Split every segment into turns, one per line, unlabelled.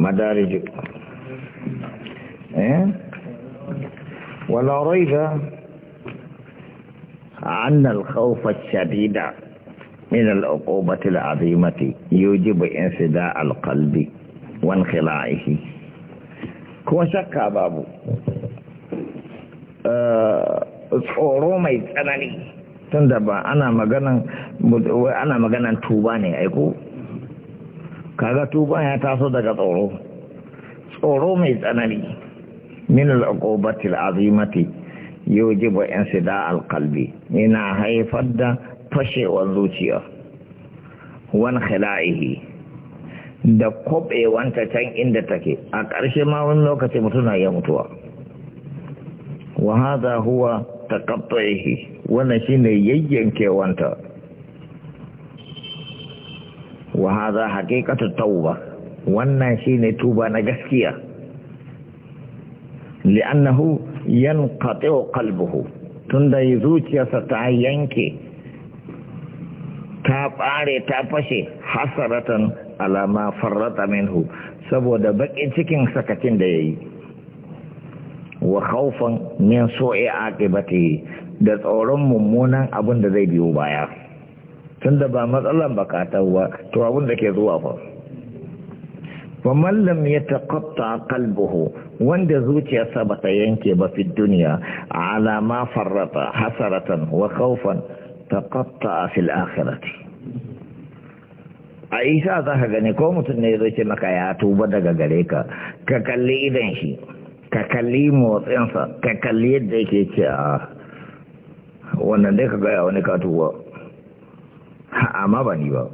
madariju eh walau raiza anna al-khawf ash-shadida min al-uqubati al-azimati yujibu insida' al-qalbi wa inqila'ihi kuma shakka babu tsoro mai tsanani tunda ba ana maganan tuba ne aiko kaga tuba ya taso daga tsoro tsoro mai tsanani min al'aqobati al'azimati yujibu insida sida alkalbi yana haifar da fashewar zuciya wan khila'ihi da wanta can inda take a ƙarshe ma wani lokaci mutum na iya mutuwa wa hadha huwa taqattu'ihi wannan shine yayyankewanta wa haza haqiqatu tauba wannan shine tuba na gaskiya li'annahu yanqati'u qalbuhu tunda zuciyarsa ta yanke ta bare ta fashe hasaratan alama farrata minhu saboda bakin cikin sakacin da yayi wa khawfan min su'i aqibatihi da tsoron mummunan abin da zai biyo baya tunda ba matsalan bakatar wa to abin da ke zuwa fa wa man lam yataqatta qalbuhu wanda zuciyarsa ba ta yanke ba fi duniya ala ma farrata hasaratan wa khawfan taqatta fil akhirati a isa za ka gani ko mutum ne zai ce maka ya tuba daga gare ka ka kalli idan shi ka kalli motsinsa ka kalli yadda yake ce a ah, wannan dai ka gaya wani katuwa. amma ba ni ba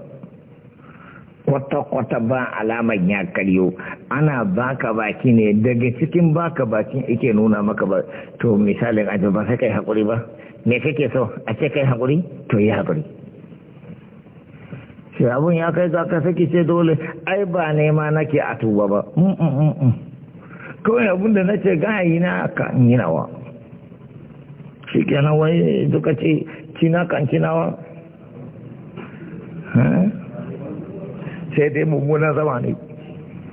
kwata-kwata ba alamar ya karyo ana baka baki ne daga cikin baka bakin ike nuna maka ba to misalin aji ba sai kai haƙuri ba me kake so a ce kai haƙuri to yi haƙuri shi abun ya kai za ka saki ce dole ai ba nema nake a tuba ba mm, mm, mm, kawai abun da nace gahayi na ka yi nawa shi kenan wai duka ce cina kan cinawa Eh? sai dai mummunan zama ne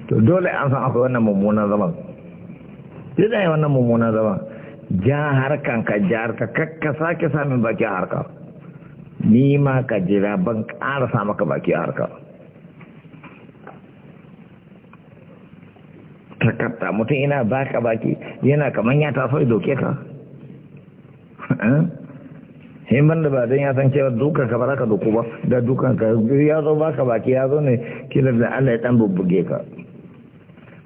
to dole an san akwai wannan mummunan zaman duk da wannan mummunan zaman ja harkan ka jihar harka kakka sake samun baki a harka ni ma ka jira ban ƙara sa maka baki a harka takarta mutum ina baka baki yana kaman ya taso ya doke ka eh? in banda ba don ya san cewa dukan ka baraka duku ba da dukan ka ya zo baka baki ya zo ne kila da Allah ya dan bubbuge ka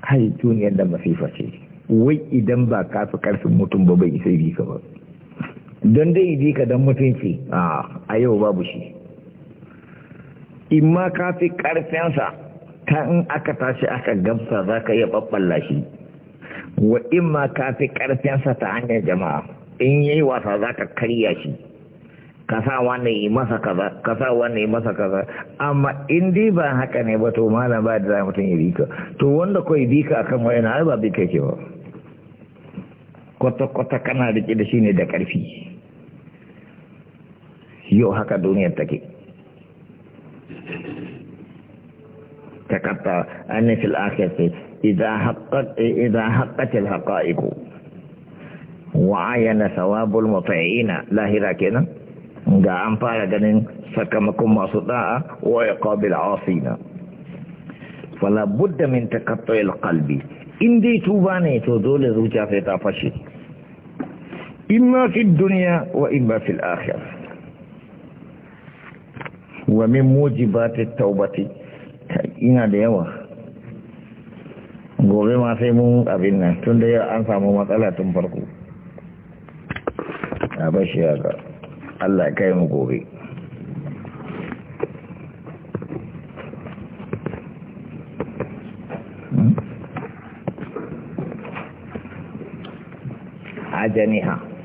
kai duniyar da masifa ce wai idan ba ka fi karfin mutum ba bai isa bi ka ba don dai bi ka dan mutunci a a yau babu shi in ma ka fi sa ta in aka tashi aka gamsa za ka iya babballa shi wa in ma ka fi sa ta hanyar jama'a in yayi wasa za ka karya shi ka sa wani masa kaza ka sa wani masa kaza amma in dai ba haka ne ba to malam ba da mutum ya bi ka to wanda ko ya bi ka akan wayan ai ba bi ka ke ba kwata kwata kana rike da shi ne da karfi yau haka duniyar take ta katta an fil akhirati idza haqqat idza haqqatil haqa'iq wa ayana thawabul muti'ina lahira kenan ga an fara ganin sakamakon masu da'a wa ya qabil asina fala min taqattu'il qalbi in dai tuba ne to dole zuciya sai ta fashe imma fi duniya wa imma fil akhirah wa min ta taubati ina da yawa gobe ma sai mun abin nan tun da an samu matsala tun farko a bashi ya Allah ya kai mu gobe ajaniha